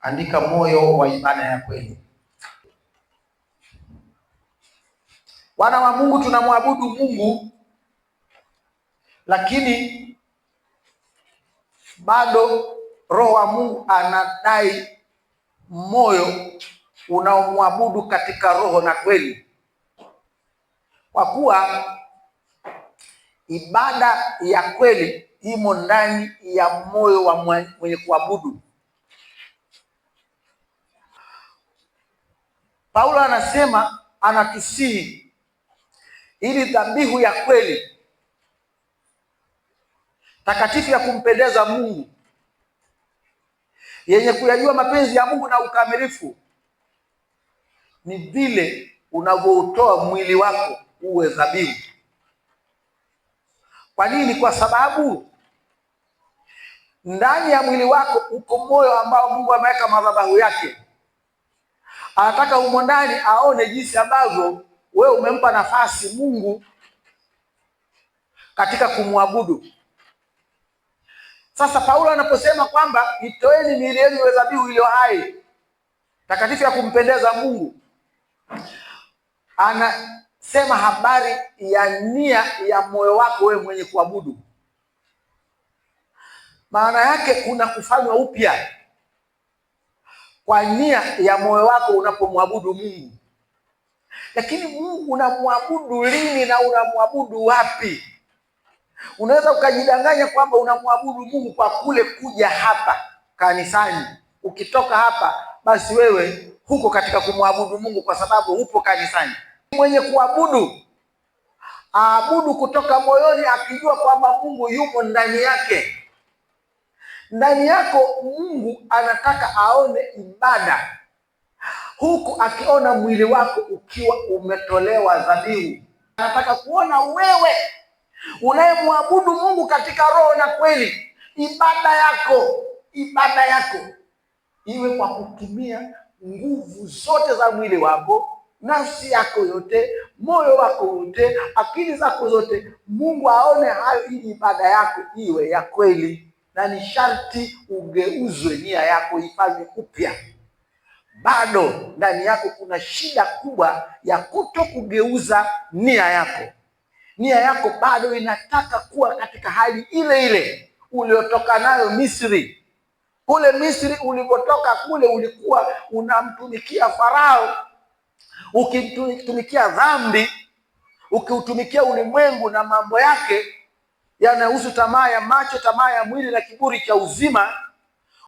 andika moyo wa ibada ya kweli. Wana wa Mungu tunamwabudu Mungu, lakini bado Roho wa Mungu anadai moyo unaomwabudu katika roho na kweli, kwa kuwa ibada ya kweli imo ndani ya moyo wa mwenye kuabudu. Paulo anasema, anatusihi ili dhabihu ya kweli takatifu ya kumpendeza Mungu yenye kuyajua mapenzi ya Mungu na ukamilifu ni vile unavyoutoa mwili wako uwe dhabihu. Kwa nini? Kwa sababu ndani ya mwili wako uko moyo ambao Mungu ameweka madhabahu yake anataka humo ndani aone jinsi ambavyo wewe umempa nafasi Mungu katika kumwabudu. Sasa Paulo anaposema kwamba itoeni miili yenu iwe dhabihu iliyo hai takatifu ya kumpendeza Mungu, anasema habari ya nia ya moyo wako wewe mwenye kuabudu. Maana yake kuna kufanywa upya kwa nia ya moyo wako unapomwabudu Mungu. Lakini Mungu unamwabudu lini na unamwabudu wapi? Unaweza ukajidanganya kwamba unamwabudu Mungu kwa kule kuja hapa kanisani. Ukitoka hapa, basi wewe huko katika kumwabudu Mungu kwa sababu upo kanisani. Mwenye kuabudu aabudu kutoka moyoni, akijua kwamba Mungu yumo ndani yake. Ndani yako Mungu anataka aone ibada, huku akiona mwili wako ukiwa umetolewa dhabihu. Anataka kuona wewe unayemwabudu Mungu katika roho na kweli. Ibada yako, ibada yako iwe kwa kutumia nguvu zote za mwili wako nafsi yako yote, moyo wako wote, akili zako zote. Mungu aone hayo, ili ibada yako iwe ya kweli na ni sharti ugeuzwe nia yako ifanywe upya. Bado ndani yako kuna shida kubwa ya kuto kugeuza nia yako. Nia yako bado inataka kuwa katika hali ile ile uliotoka nayo Misri. Kule Misri ulivyotoka kule, ulikuwa unamtumikia Farao, ukimtumikia dhambi, ukiutumikia ulimwengu na mambo yake yanahusu tamaa ya macho, tamaa ya mwili na kiburi cha uzima